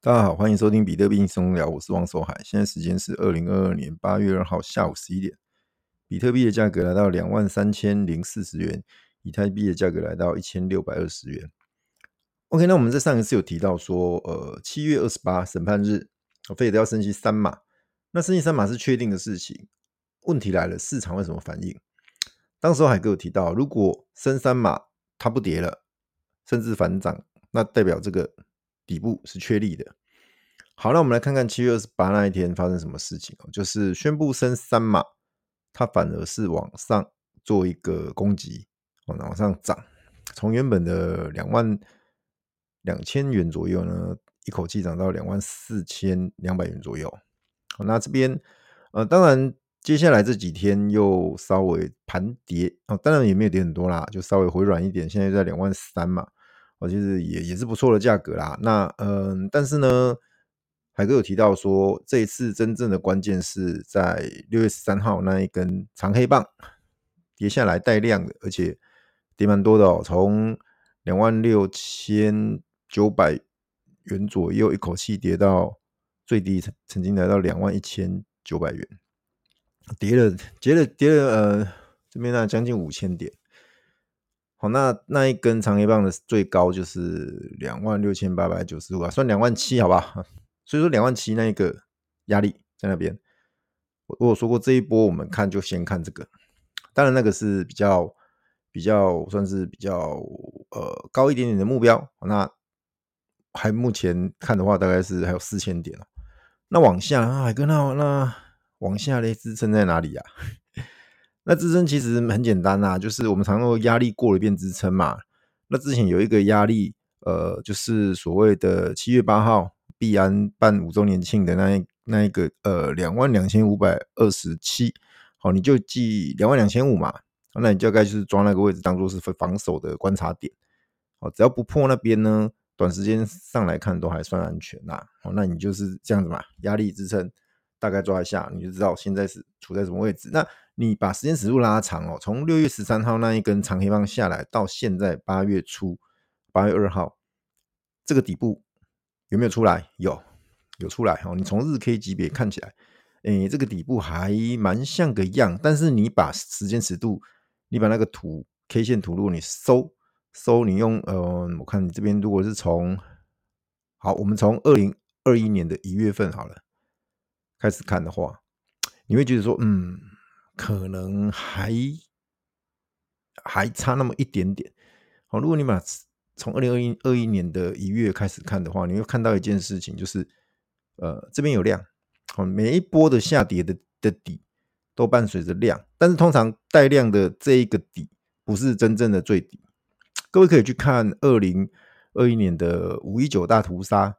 大家好，歡迎收聽比特幣鬆聊，我是王守海。現在時間是二零二二年八月二號下午十一點，比特幣的價格來到兩萬三千零四十元，以太幣的價格來到一千六百二十元。OK，那我們在上一次有提到說，呃，七月二十八審判日，非得要升息三碼。那升息三碼是確定的事情，問題來了，市場會什麼反應？當時候海哥有提到，如果升三碼它不跌了，甚至反漲，那代表這個。底部是確立的。好，那我們來看看七月二十八那一天發生什麼事情哦，就是宣布升三碼，它反而是往上做一個攻擊，往往上漲，從原本的兩萬兩千元左右呢，一口氣漲到兩萬四千兩百元左右。那這邊呃，當然接下來這幾天又稍微盤跌，哦，當然也沒有跌很多啦，就稍微回軟一點，現在就在兩萬三嘛。哦，其實也也是不錯的價格啦。那嗯，但是呢，海哥有提到說，這一次真正的關鍵是在六月十三號那一根長黑棒跌下來帶量的，而且跌蠻多的哦，從兩萬六千九百元左右一口氣跌到最低曾曾經來到兩萬一千九百元，跌了跌了跌了呃，這邊呢、啊、將近五千點。好，那那一根長黑棒的最高就是兩萬六千八百九十五啊，算兩萬七，好吧？所以說兩萬七那一個壓力在那邊。我，我說過這一波我們看就先看這個，當然那個是比較比較算是比較呃高一點點的目標。那還目前看的話大概是還有四千點。那往下啊，海哥那那往下嘞支撐在哪裡呀，啊？那支撐其實很簡單啊，就是我們常,常說壓力過了一遍支撐嘛。那之前有一個壓力，呃，就是所謂的七月八號幣安辦五周年慶的那一那一個呃兩萬兩千五百二十七，22, 27, 好，你就記兩萬兩千五嘛，那你就大概就是抓那個位置當做是防守的觀察點，好，只要不破那邊呢，短時間上來看都還算安全啦、啊。好，那你就是這樣子嘛，壓力支撐。大概抓一下，你就知道現在是處在什麼位置。那你把時間尺度拉長哦，從六月十三號那一根長黑棒下來到現在八月初八月二號，這個底部有沒有出來？有，有出來哦。你從日 K 級別看起來，誒，這個底部還蠻像個樣。但是你把時間尺度，你把那個圖 K 線圖如果你搜搜，你，你用呃，我看你這邊如果是從好，我們從二零二一年的一月份好了。開始看的話，你會覺得說，嗯，可能還還差那麼一點點。好、哦，如果你把從二零二一二一年的一月開始看的話，你會看到一件事情，就是呃，這邊有量，好、哦，每一波的下跌的的底都伴隨着量，但是通常帶量的這一個底不是真正的最底。各位可以去看二零二一年的五一九大屠殺。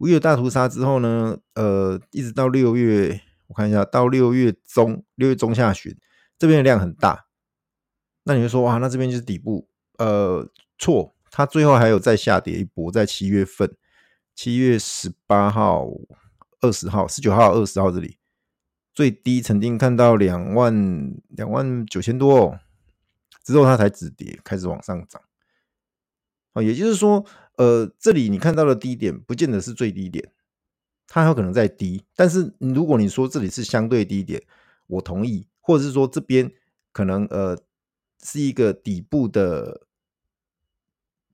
五月大屠殺之後呢，呃，一直到六月，我看一下，到六月中，六月中下旬，這邊的量很大。那你就說哇，那這邊就是底部？呃，錯，它最後還有再下跌一波，在七月份，七月十八號、二十號、十九號、二十號這裡，最低曾經看到兩萬兩萬九千多哦，之後它才止跌，開始往上漲。也就是說，呃，這裡你看到的低點不見得是最低點，它還有可能在低。但是如果你說這裡是相對低點，我同意，或者是說這邊可能呃是一個底部的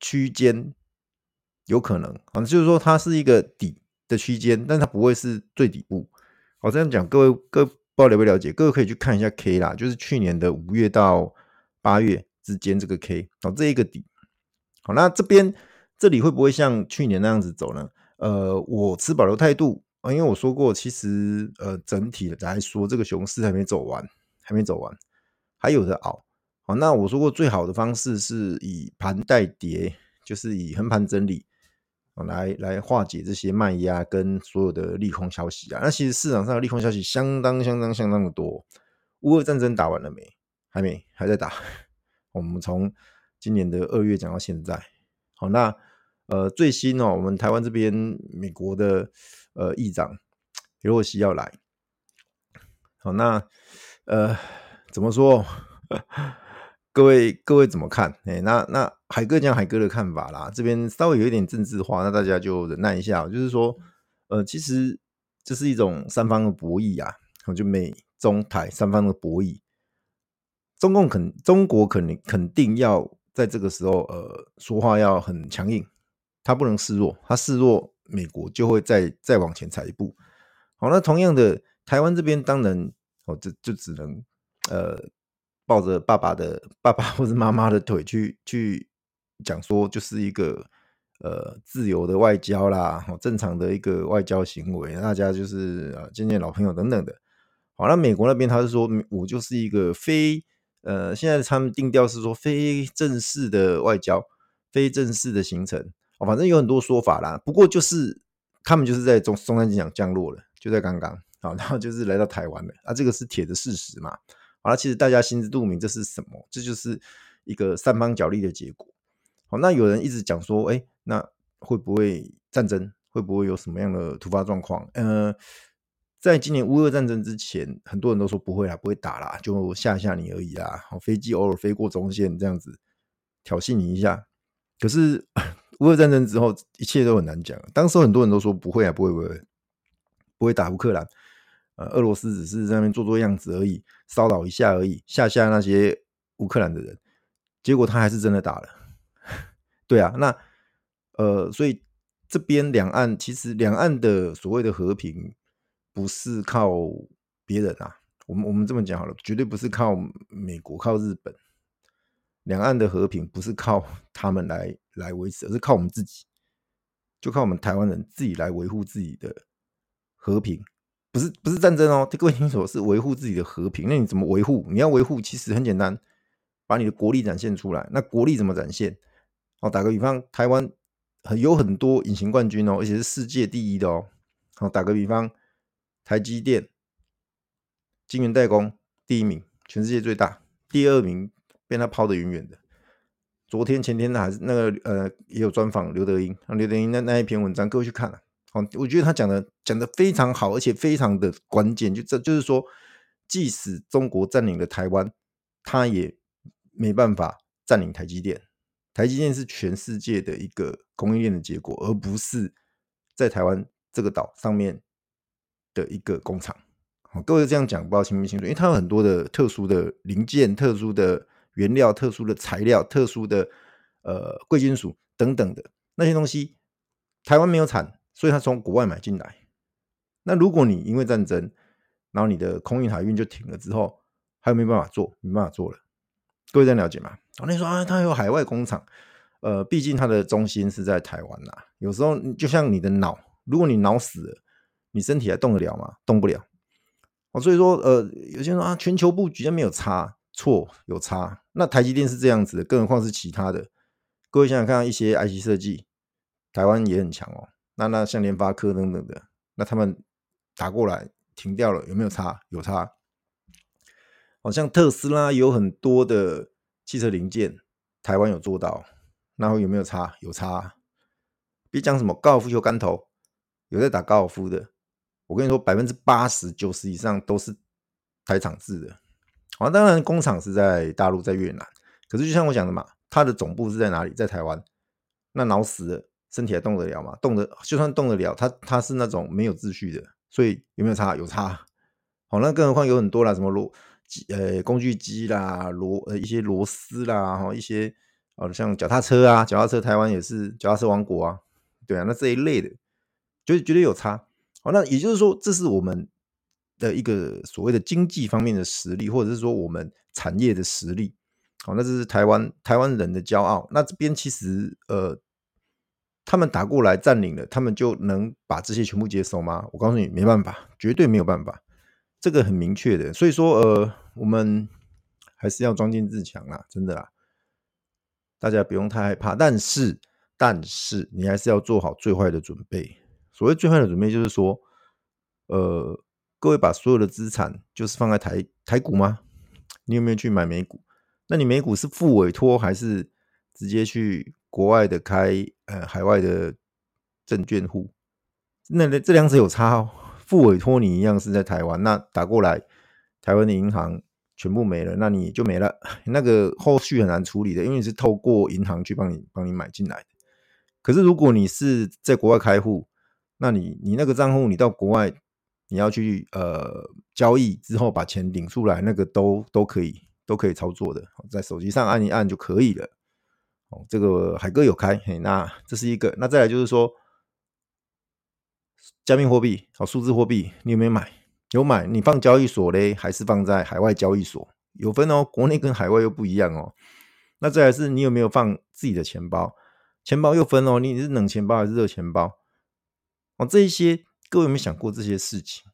區間，有可能啊，就是說它是一個底的區間，但它不會是最底部。好，這樣講各位各位不知道了不了解，各位可以去看一下 K 啦，就是去年的五月到八月之間這個 K，哦，這一個底。好，那這邊這裡會不會像去年那樣子走呢？呃，我持保留態度，因為我說過，其實呃，整體來說，這個熊市還沒走完，還沒走完，還有的熬。好，那我說過，最好的方式是以盤帶跌，就是以橫盤整理、哦、來來化解這些賣壓、啊、跟所有的利空消息啊。那其實市場上的利空消息相當相當相當的多。烏俄戰爭打完了沒？還沒，還在打。我們從今年的二月講到現在，好那呃最新哦，我們台灣這邊美國的呃議長裴洛西要來，好那呃怎麼說？各位各位怎麼看？哎、欸，那那海哥講海哥的看法啦，這邊稍微有一點政治化，那大家就忍耐一下，就是說呃其實這是一種三方的博弈啊，就美中台三方的博弈，中共肯中國肯定肯定要。在這個時候，呃，說話要很強硬，他不能示弱，他示弱，美國就會再再往前踩一步。好，那同樣的，台灣這邊當然，哦，就就只能，呃，抱着爸爸的爸爸或者媽媽的腿去去講說，就是一個呃自由的外交啦，哦，正常的一個外交行為，大家就是啊，呃，見見老朋友等等的。好，那美國那邊他是說，我就是一個非。呃，現在他們定調是說非正式的外交、非正式的行程，哦、反正有很多說法啦。不過就是他們就是在中、松山機場降落了，就在剛剛啊，然、哦、後就是來到台灣了，啊，這個是鐵的事實嘛。好、哦、了、啊，其實大家心知肚明，這是什麼？這就是一個三方角力的結果。好、哦，那有人一直講說，哎，那會不會戰爭？會不會有什麼樣的突發狀況？嗯、呃。在今年烏俄戰爭之前，很多人都說不會啊，不會打啦，就嚇嚇你而已啦。飛機偶爾飛過中線，這樣子挑釁你一下。可是烏俄戰爭之後，一切都很難講。當時很多人都說不會啊，不會，不會，不會打烏克蘭，呃，俄羅斯只是在那邊做做樣子而已，騷擾一下而已，嚇嚇那些烏克蘭的人。結果他還是真的打了。 對啊，那呃，所以這邊兩岸其實兩岸的所謂的和平。不是靠別人啊，我們我們這麼講好了，絕對不是靠美國、靠日本，兩岸的和平不是靠他們來來維持，而是靠我們自己，就靠我們台灣人自己來維護自己的和平，不是不是戰爭哦。這個很清楚，是維護自己的和平，那你怎麼維護？你要維護，其實很簡單，把你的國力展現出來。那國力怎麼展現？哦，打個比方，台灣有很多隱形冠軍哦，而且是世界第一的哦。好，打個比方。台積電、晶圓代工第一名，全世界最大。第二名被他拋得遠遠的。昨天、前天的還是那個呃，也有專訪劉德英，劉德英那那一篇文章，各位去看了、啊哦。我覺得他講的講的非常好，而且非常的關鍵。就這、就是、就是說，即使中國佔領了台灣，他也沒辦法佔領台積電。台積電是全世界的一個供應鏈的結果，而不是在台灣這個島上面的一個工廠，各位這樣講，不知道清不清楚？因為它有很多的特殊的零件、特殊的原料、特殊的材料、特殊的呃貴金屬等等的那些東西，台灣沒有產，所以它從國外買進來。那如果你因為戰爭，然後你的空運海運就停了之後，還有沒辦法做？沒辦法做了。各位這樣了解嗎？我那你說啊，它有海外工廠，呃，畢竟它的中心是在台灣啦，啊。有時候就像你的腦，如果你腦死了。你身體還動得了嗎？動不了哦，所以說，呃，有些人說啊，全球布局就沒有差，錯，有差。那台積電是這樣子的，更何況是其他的。各位想想看看，一些 IC 設計，台灣也很強哦。那那像聯發科等等的，那他們打過來停掉了，有沒有差？有差。好，哦、像特斯拉有很多的汽車零件，台灣有做到，那會有沒有差？有差。別講什麼高爾夫球桿頭，有在打高爾夫的。我跟你說 80,，百分之八十、九十以上都是台廠製的。好，當然工廠是在大陸，在越南。可是就像我講的嘛，它的總部是在哪裡？在台灣。那腦死了，身體還動得了嗎？動的，就算動得了，它它是那種沒有秩序的，所以有沒有差？有差。好，那更何況有很多啦，什麼螺機、呃，工具機啦，螺呃一些螺絲啦，然後一些啊、哦，像腳踏車啊，腳踏車台灣也是腳踏車王國啊，對啊，那這一類的，絕對絕對有差。哦、那也就是說，這是我們的一個所謂的經濟方面的實力，或者是說我們產業的實力。好、哦，那這是台灣台灣人的驕傲。那這邊其實，呃，他們打過來佔領了，他們就能把這些全部接收嗎？我告訴你，沒辦法，絕對沒有辦法，這個很明確的。所以說，呃，我們還是要莊敬自強啊，真的啦。大家不用太害怕，但是，但是你還是要做好最壞的準備。所謂最壞的準備就是說，呃，各位把所有的資產就是放在台台股嗎？你有沒有去買美股？那你美股是複委託還是直接去國外的開呃海外的證券戶？那這兩者有差哦。複委託，你一樣是在台灣，那打過來，台灣的銀行全部沒了，那你就沒了。那個後續很難處理的，因為你是透過銀行去幫你幫你買進來的。可是如果你是在國外開戶，那你你那個賬戶，你到國外你要去呃交易之後把錢領出來，那個都都可以都可以操作的，在手機上按一按就可以了。哦，這個海哥有開，嘿那這是一個。那再來就是說加密貨幣哦，數字貨幣你有沒有買？有買，你放交易所嘞，還是放在海外交易所？有分哦，國內跟海外又不一樣哦。那再來是，你有沒有放自己的錢包？錢包又分哦，你是冷錢包還是熱錢包？哦，這一些各位有沒有想過這些事情？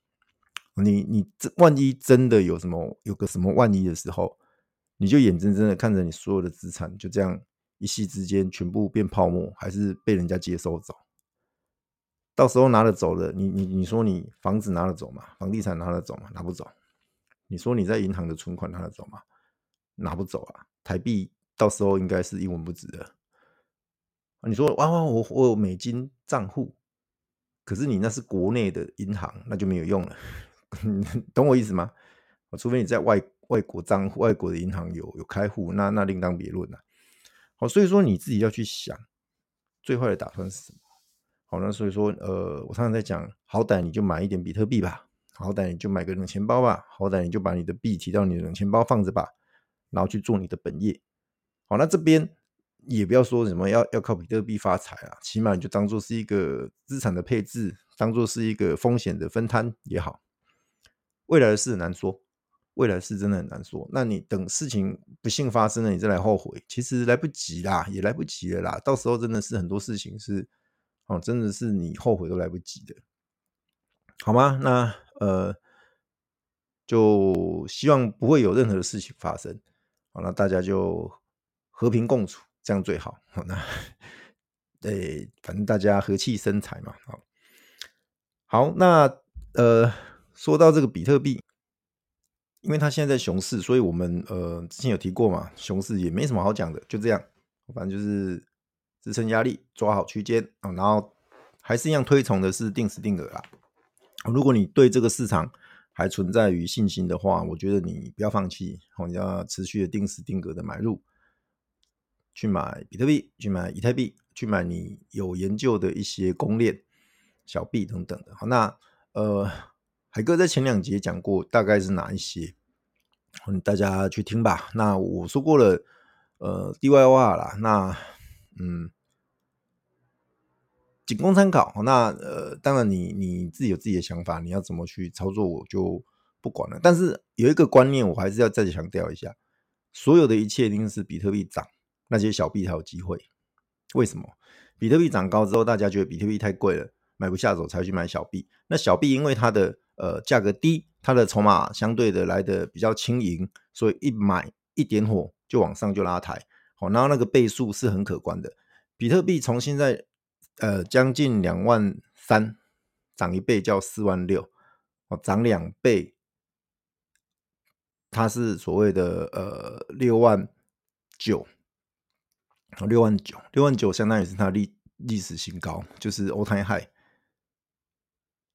你你這萬一真的有什麼有個什麼萬一的時候，你就眼睜睜的看着你所有的資產就這樣一夕之間全部變泡沫，還是被人家接收走？到時候拿了走了，你你你說你房子拿得走嗎？房地產拿得走嗎？拿不走。你說你在銀行的存款拿得走嗎？拿不走啊！台幣到時候應該是一文不值的。啊，你說哇哇我我有美金賬戶。可是你那是國內的銀行，那就沒有用了， 懂我意思嗎？除非你在外外國賬戶、外國的銀行有有開戶，那那另當別論了、啊。好，所以說你自己要去想最壞的打算是什麼？好了，那所以說呃，我常常在講，好歹你就買一點比特幣吧，好歹你就買個冷錢包吧，好歹你就把你的幣提到你的冷錢包放着吧，然後去做你的本業。好，那這邊。也不要說什麼要要靠比特幣發財啊，起碼你就當做是一個資產的配置，當做是一個風險的分攤也好。未來的事很難說，未來的事真的很難說。那你等事情不幸發生了，你再來後悔，其實來不及啦，也來不及了啦。到時候真的是很多事情是，哦、嗯，真的是你後悔都來不及的，好嗎？那呃，就希望不會有任何的事情發生。好了，那大家就和平共處。這樣最好。好，那，對、欸，反正大家和氣生財嘛。好，好，那呃，說到這個比特幣，因為它現在在熊市，所以我們呃之前有提過嘛，熊市也沒什麼好講的，就這樣。反正就是支撐壓力，抓好區間啊、哦，然後還是一樣推崇的是定時定額啊。如果你對這個市場還存在於信心的話，我覺得你不要放棄，好、哦，你要持續的定時定額的買入。去買比特幣，去買以太幣，去買你有研究的一些公鏈小幣等等的。好，那呃，海哥在前兩節講過，大概是哪一些？大家去聽吧。那我說過了，呃，DYOR 啦，那嗯，僅供參考。好，那呃，當然你你自己有自己的想法，你要怎麼去操作我就不管了。但是有一個觀念，我還是要再強調一下：所有的一切一定是比特幣漲。那些小幣才有機會，為什麼？比特幣漲高之後，大家覺得比特幣太貴了，買不下手，才去買小幣。那小幣因為它的呃價格低，它的籌碼相對的來的比較輕盈，所以一買一點火就往上就拉抬。哦，然後那個倍數是很可觀的。比特幣從現在呃將近兩萬三，漲一倍叫四萬六，哦，漲兩倍它是所謂的呃六萬九。六萬九，六萬九相當於是它歷歷史新高，就是 all time high。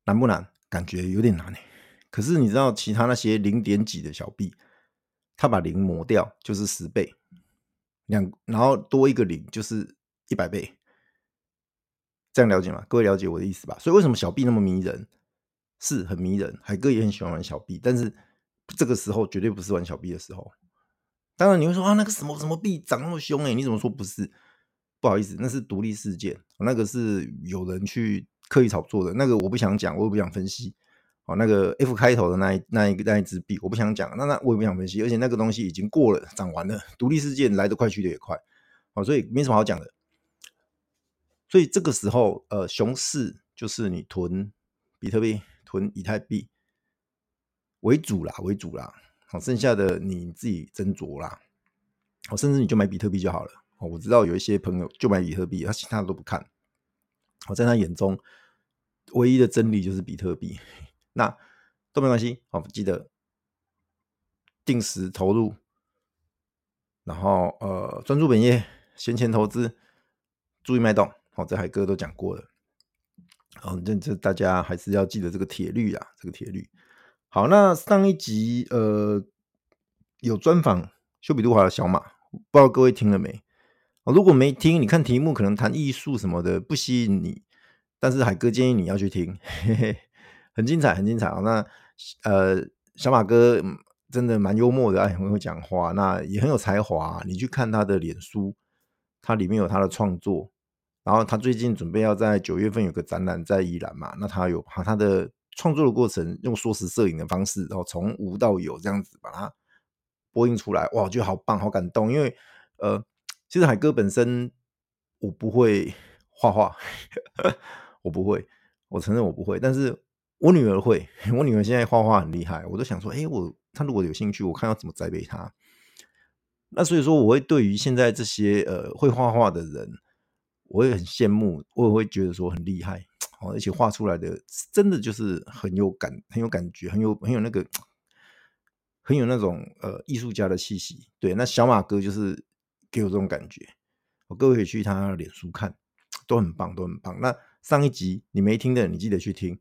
難不難？感覺有點難呢，可是你知道，其他那些零點幾的小幣，它把零磨掉就是十倍，兩然後多一個零就是一百倍，這樣了解嗎？各位了解我的意思吧？所以為什麼小幣那麼迷人？是很迷人，海哥也很喜歡玩小幣，但是這個時候絕對不是玩小幣的時候。當然你會說啊，那個什麼什麼幣漲那麼凶哎、欸，你怎麼說不是？不好意思，那是獨立事件，那個是有人去刻意炒作的。那個我不想講，我也不想分析。哦，那個 F 開頭的那一那一那一隻幣，我不想講，那那我也不想分析。而且那個東西已經過了，漲完了，獨立事件來得快去得也快，哦，所以沒什麼好講的。所以這個時候，呃，熊市就是你囤比特幣、囤以太幣為主啦，為主啦。好，剩下的你自己斟酌啦。我甚至你就買比特幣就好了。哦，我知道有一些朋友就買比特幣，他其他的都不看。我在他眼中，唯一的真理就是比特幣。那都沒關係。好，記得定時投入，然後呃，專注本業，閒錢投資，注意脈動。好，這海哥都講過了。好，這這大家還是要記得這個鐵律啊，這個鐵律。好，那上一集呃有專訪修比杜還有小馬，不知道各位聽了沒？哦、如果沒聽，你看題目可能談藝術什麼的不吸引你，但是海哥建議你要去聽，嘿嘿，很精彩，很精彩啊、哦！那呃小馬哥真的蠻幽默的，也、哎、很會講話，那也很有才華。你去看他的臉書，他裡面有他的創作，然後他最近準備要在九月份有個展覽在宜蘭嘛？那他有他的。創作的過程，用縮時攝影的方式，然後從無到有這樣子把它播映出來，哇，我覺得好棒，好感動。因為呃，其實海哥本身我不會畫畫， 我不會，我承認我不會，但是我女兒會，我女兒現在畫畫很厲害，我都想說，誒、欸，我她如果有興趣，我看要怎麼栽培她。那所以說，我會對於現在這些呃會畫畫的人。我也很羨慕，我也會覺得說很厲害，哦，而且畫出來的真的就是很有感，很有感覺，很有很有那個，很有那種呃藝術家的氣息。對，那小馬哥就是給我這種感覺。我，哦，各位可以去他臉書看，都很棒，都很棒。那上一集你沒聽的，你記得去聽。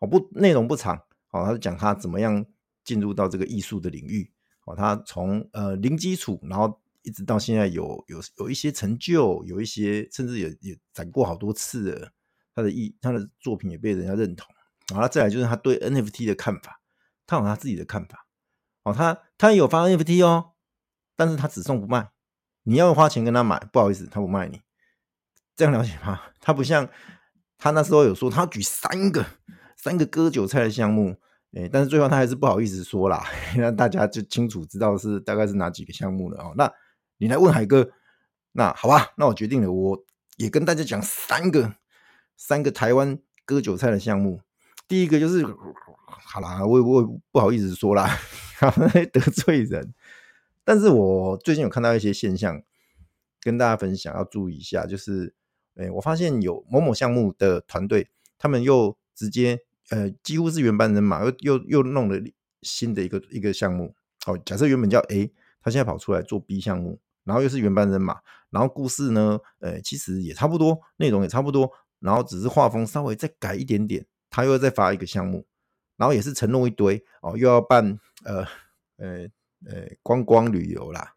我，哦，不，內容不長，哦，他是講他怎麼樣進入到這個藝術的領域。哦，他從呃零基礎，然後。一直到現在有有有一些成就，有一些甚至也也展過好多次的，他的意他的作品也被人家認同。然後再來就是他對 NFT 的看法，他有他自己的看法。哦，他他有發 NFT 哦，但是他只送不賣，你要花錢跟他買，不好意思，他不賣你。這樣了解嗎？他不像他那時候有說他舉三個三個割韭菜的項目，哎，但是最後他還是不好意思說啦，讓 大家就清楚知道是大概是哪幾個項目了哦，那你來問海哥，那好吧，那我決定了，我也跟大家講三個三個台灣割韭菜的項目。第一個就是，好啦，我也我也不好意思說啦， 得罪人。但是我最近有看到一些現象，跟大家分享要注意一下，就是，哎、欸，我發現有某某項目的團隊，他們又直接，呃，幾乎是原班人馬，又又又弄了新的一個一個項目。哦，假設原本叫 A，他現在跑出來做 B 項目。然後又是原班人馬，然後故事呢？呃，其實也差不多，內容也差不多，然後只是畫風稍微再改一點點。他又再發一個項目，然後也是承諾一堆哦，又要辦呃呃呃觀光旅遊啦，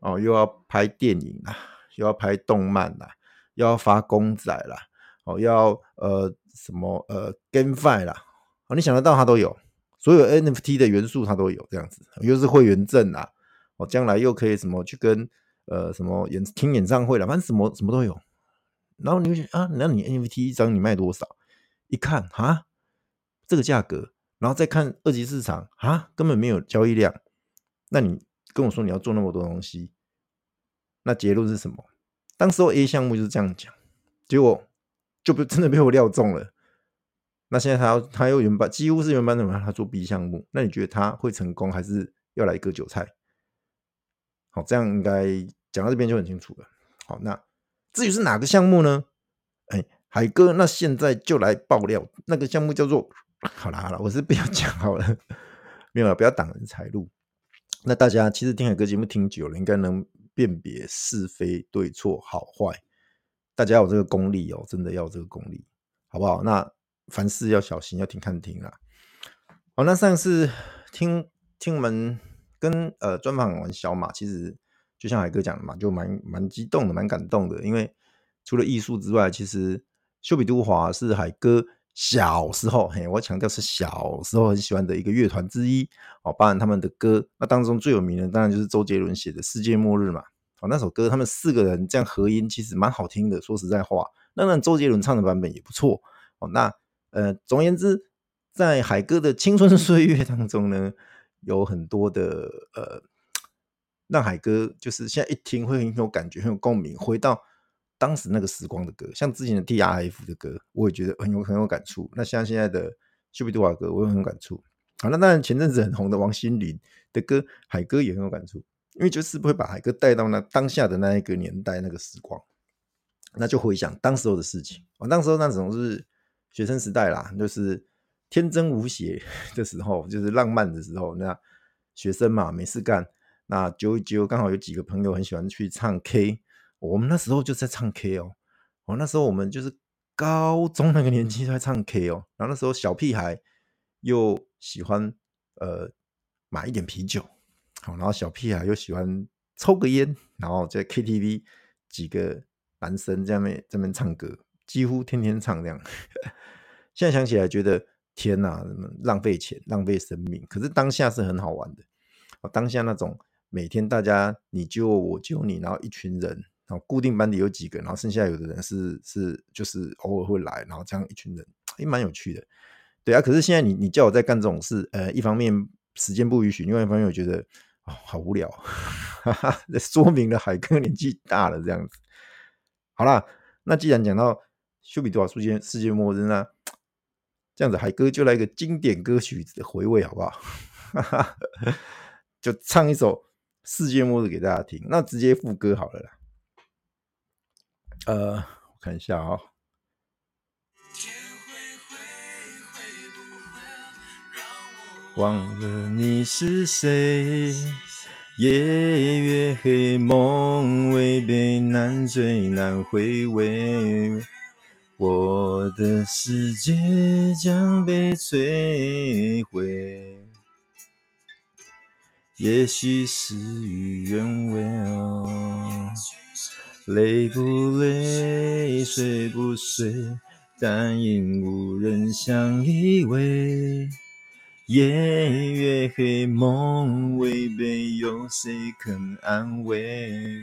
哦又要拍電影啦，又要拍動漫啦，又要發公仔啦，哦又要呃什麼呃 GameFi 啦，哦你想得到他都有，所有 NFT 的元素他都有這樣子，又是會員證啦，哦將來又可以什麼去跟。呃，什麼演聽演唱會了，反正什麼什麼都有。然後你會覺得啊，那你，你 NFT 一張你賣多少？一看哈，這個價格，然後再看二級市場啊，根本沒有交易量。那你跟我說你要做那麼多東西，那結論是什麼？當時候 A 項目就是這樣講，結果就被真的被我料中了。那現在他他又原班幾乎是原班人馬，他做 B 項目，那你覺得他會成功，還是要來割韭菜？好，這樣應該。講到這邊就很清楚了。好，那至於是哪個項目呢？欸，海哥，那現在就來爆料，那個項目叫做……好了好了，我是不要講好了，明白不要擋人財路。那大家其實聽海哥節目聽久了，應該能辨別是非對錯好壞。大家有這個功力哦、喔，真的要有這個功力，好不好？那凡事要小心，要停看聽啊。好，那上次聽聽我們跟呃專訪完小馬，其實。就像海哥講的嘛，就蠻蠻激動的，蠻感動的。因為除了藝術之外，其實咻比嘟華是海哥小時候，嘿，我強調是小時候很喜歡的一個樂團之一哦。當然，他們的歌，那當中最有名的當然就是周杰倫寫的世界末日嘛。哦，那首歌他們四個人這樣合音，其實蠻好聽的。說實在話，當然周杰倫唱的版本也不錯哦。那呃，總而言之，在海哥的青春歲月當中呢，有很多的呃。那海哥就是現在一聽會很有感覺，很有共鳴，回到當時那個時光的歌，像之前的 T.R.F 的歌，我也覺得很有很有感觸。那像現在的《丘比特瓦》歌，我也很有感觸。好，那當然前陣子很紅的王心凌的歌，海哥也很有感觸，因為就是會把海哥帶到那當下的那一個年代那個時光，那就回想當時候的事情。我、啊、當時候那總是學生時代啦，就是天真無邪的時候，就是浪漫的時候。那學生嘛，沒事幹。那揪一揪剛好有幾個朋友很喜歡去唱 K，、哦、我們那時候就在唱 K 哦，我、哦、那時候我們就是高中那個年紀在唱 K 哦，然後那時候小屁孩又喜歡呃買一點啤酒，好、哦，然後小屁孩又喜歡抽個菸，然後在 KTV 幾個男生在那邊在那邊唱歌，幾乎天天唱這樣。現在想起來覺得天哪，浪費錢，浪費生命，可是當下是很好玩的，哦、當下那種。每天大家，你救我救你，然後一群人，然後固定班裡有幾個，然後剩下有的人是是就是偶爾會來，然後這樣一群人也、欸、蠻有趣的，對啊。可是現在你你叫我在幹這種事，呃，一方面時間不允許，另外一方面我覺得哦好無聊，哈哈，這說明了海哥年紀大了這樣子。好啦，那既然講到《修比多瓦世界世界末日》呢，這樣子海哥就來一個經典歌曲的回味好不好？哈 哈就唱一首。世界末日給大家聽，那直接副歌好了啦，呃，我看一下啊、哦。天灰灰會不會讓我忘了你是誰，夜越黑，夢違背難追難回味，我的世界將被摧毀。也許事與願違哦，累不累，睡不睡，但因無人相依偎。夜越黑，夢違背，有誰肯安慰？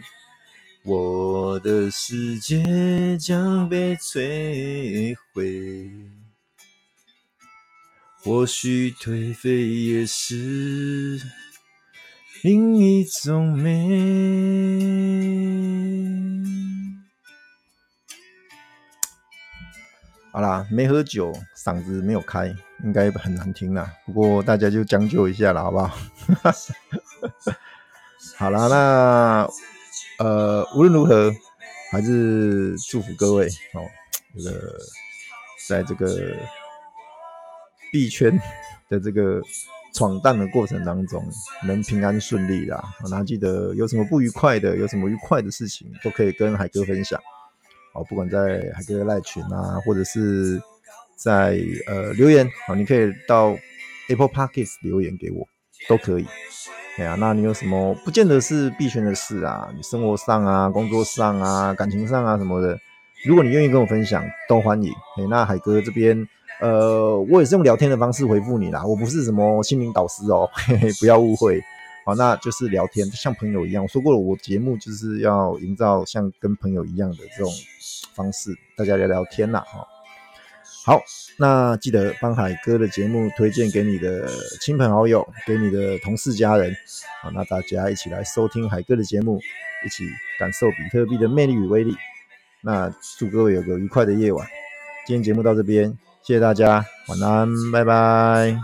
我的世界將被摧毀。或許頹廢也是。另一種美。好啦，沒喝酒，嗓子沒有開，應該很難聽啦。不過大家就將就一下啦，好不好？ 好啦，那呃，無論如何，還是祝福各位哦，這個在這個幣圈的這個。闖蕩的過程當中，能平安順利啦。那、啊、記得有什麼不愉快的，有什麼愉快的事情，都可以跟海哥分享。哦、啊，不管在海哥的賴群啊，或者是在呃留言、啊，你可以到 Apple Podcast 留言給我都可以。哎呀，那你有什麼，不見得是幣圈的事啊，你生活上啊、工作上啊、感情上啊什麼的，如果你願意跟我分享，都歡迎。哎，那海哥這邊。呃，我也是用聊天的方式回復你啦，我不是什麼心靈導師哦，嘿嘿，不要誤會。好，那就是聊天，像朋友一樣。我說過了，我節目就是要營造像跟朋友一樣的這種方式，大家聊聊天啦。哈，好，那記得幫海哥的節目推薦給你的親朋好友，給你的同事家人。好，那大家一起來收聽海哥的節目，一起感受比特幣的魅力與威力。那祝各位有個愉快的夜晚。今天節目到這邊。謝謝大家，晚安，拜拜。